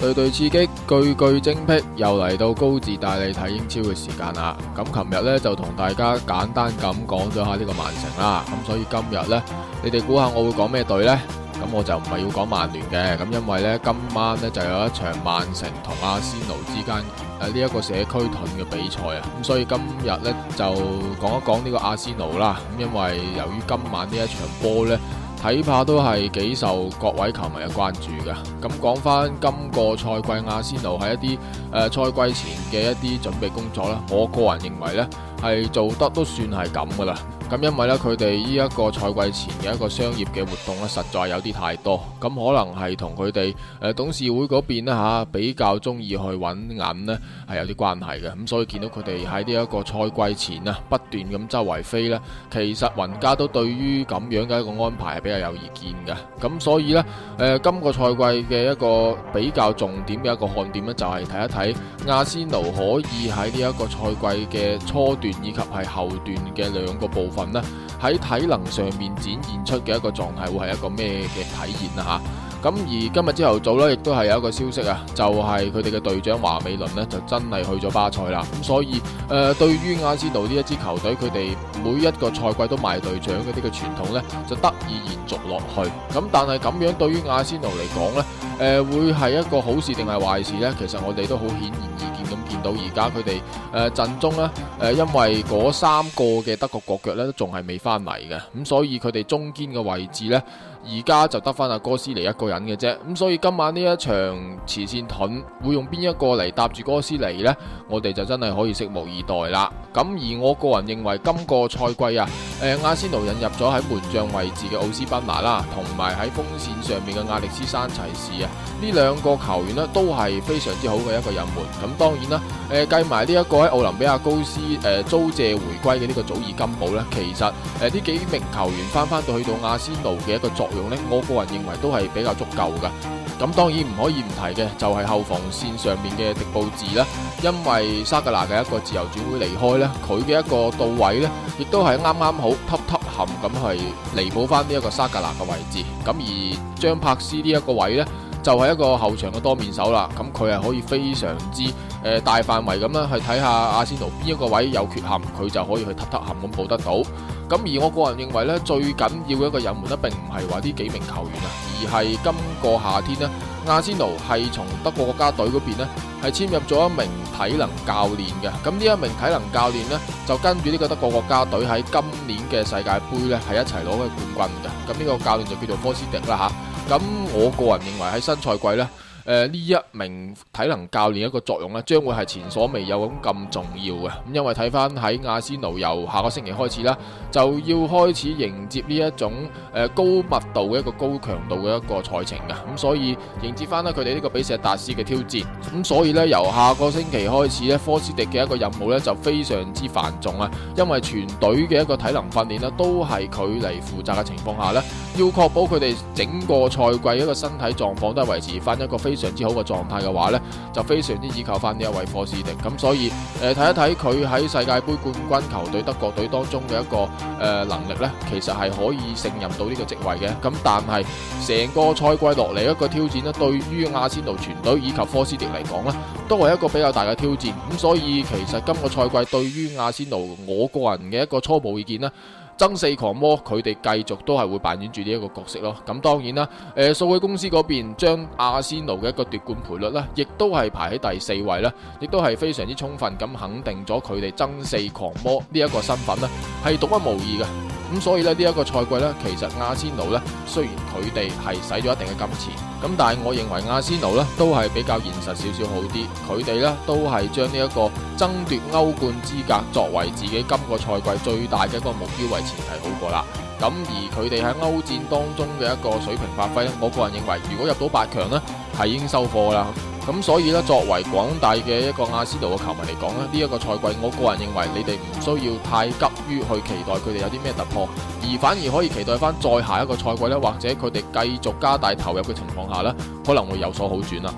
對，隊隊刺激，句句精闢，又嚟到高治帶你睇英超嘅時間啦！咁琴日呢就同大家簡單咁講咗下呢個曼城啦，咁所以今日呢，你哋估下我會講咩隊呢？咁我就唔係要講曼聯嘅，咁因為呢，今晚呢就有一場曼城同阿仙奴之間誒呢一個社區盾嘅比賽啊！咁所以今日呢就講一講呢個阿仙奴啦，咁因為由於今晚呢一場波呢。睇怕都係幾受各位球迷嘅關注嘅。咁講返今個賽季，阿仙奴喺一啲誒賽季前嘅一啲準備工作咧，我個人認為呢係做得都算係咁噶啦。咁因為咧，佢哋呢一個賽季前嘅一個商業嘅活動咧，實在有啲太多，咁可能係同佢哋誒董事會嗰邊咧嚇比較中意去揾銀咧，係有啲關係嘅。咁所以見到佢哋喺呢一個賽季前啊，不斷咁周圍飛咧，其實云家都對於咁樣嘅一個安排係比較有意見嘅。咁所以咧，誒、呃、今個賽季嘅一個比較重點嘅一個看點咧，就係睇一睇阿仙奴可以喺呢一個賽季嘅初段以及係後段嘅兩個部分。啦喺體能上面展現出嘅一個狀態會係一個咩嘅體驗啊吓，咁而今日朝頭早咧亦都係有一個消息啊，就係佢哋嘅隊長華美倫呢，就，是、就真係去咗巴塞啦，咁所以誒、呃、對於阿仙奴呢一支球隊佢哋每一個賽季都賣隊長嗰啲嘅傳統呢，就得以延續落去，咁但係咁樣對於阿仙奴嚟講呢，誒、呃、會係一個好事定係壞事呢？其實我哋都好顯然而見。到而家佢哋誒陣中呢，誒、呃啊，因為嗰三個嘅德國國腳呢，都仲係未翻嚟嘅。咁、嗯、所以佢哋中間嘅位置呢，而家就得翻阿哥斯尼一個人嘅啫。咁、嗯、所以今晚呢一場慈善盾會用邊一個嚟搭住哥斯尼呢？我哋就真係可以拭目以待啦。咁、嗯、而我個人認為今個賽季啊。誒，阿仙、呃、奴引入咗喺門將位置嘅奧斯賓拿啦，同埋喺鋒線上面嘅亞歷斯山齊士啊，呢兩個球員咧都係非常之好嘅一個引援。咁當然啦，誒計埋呢一個喺奧林比亞高斯誒、呃、租借回歸嘅呢個祖爾金寶呢，其實誒呢、呃、幾名球員翻翻到去到阿仙奴嘅一個作用呢，我個人認為都係比較足夠噶咁當然唔可以唔提嘅，就係、是、後防線上面嘅迪布治啦，因為沙格拿嘅一個自由轉會離開，呢佢嘅一個到位呢，亦都係啱啱好凸凸陷咁係彌補翻呢一個沙格拿嘅位置。咁而張柏斯呢一個位呢，就係、是、一個後場嘅多面手啦。咁佢係可以非常之誒、呃、大範圍咁樣去睇下阿仙奴邊一個位有缺陷，佢就可以去凸凸陷咁補得到。咁而我個人認為咧，最緊要嘅一個隱瞞咧，並唔係話呢幾名球員啊，而係今個夏天呢，阿仙奴係從德國國家隊嗰邊咧，係簽入咗一名體能教練嘅。咁呢一名體能教練呢，就跟住呢個德國國家隊喺今年嘅世界盃呢，係一齊攞嘅冠軍㗎。咁呢個教練就叫做科斯迪啦吓。咁我個人認為喺新賽季呢，誒呢、呃、一名體能教練一個作用咧，將會係前所未有的咁重要嘅。咁因為睇翻喺阿仙奴由下個星期開始啦，就要開始迎接呢一種誒、呃、高密度嘅一個高強度嘅一個賽程啊，咁、嗯、所以迎接翻咧佢哋呢個比石達斯嘅挑戰。咁、嗯、所以呢，由下個星期開始咧，科斯迪嘅一個任務呢就非常之繁重啊。因為全隊嘅一個體能訓練咧，都係佢嚟負責嘅情況下呢，要確保佢哋整個賽季一個身體狀況都係維持翻一個非常之好嘅狀態嘅話呢就非常之倚靠翻呢一位科斯迪咁，所以誒睇、呃、一睇佢喺世界杯冠軍球隊德國隊當中嘅一個誒、呃、能力呢其實係可以勝任到呢個職位嘅。咁但係成個賽季落嚟一個挑戰咧，對於阿仙奴全隊以及科斯迪嚟講呢都係一個比較大嘅挑戰。咁所以其實今個賽季對於阿仙奴，我個人嘅一個初步意見咧。爭四狂魔佢哋繼續都係會扮演住呢一個角色咯，咁當然啦，誒，數據公司嗰邊將阿仙奴嘅一個奪冠賠率呢，亦都係排喺第四位啦，亦都係非常之充分咁肯定咗佢哋爭四狂魔呢一個身份啦，係獨一無二嘅。咁所以咧，呢一個賽季呢，其實阿仙奴呢，雖然佢哋係使咗一定嘅金錢，咁但係我認為阿仙奴呢都係比較現實少少好啲，佢哋呢都係將呢一個爭奪歐冠資格作為自己今個賽季最大嘅一個目標為前提好過啦。咁而佢哋喺歐戰當中嘅一個水平發揮，我個人認為，如果入到八強呢，係已經收貨啦。咁、嗯、所以咧，作為廣大嘅一個阿仙奴嘅球迷嚟講咧，呢、這、一個賽季，我個人認為你哋唔需要太急於去期待佢哋有啲咩突破，而反而可以期待翻再下一個賽季咧，或者佢哋繼續加大投入嘅情況下咧，可能會有所好轉啦。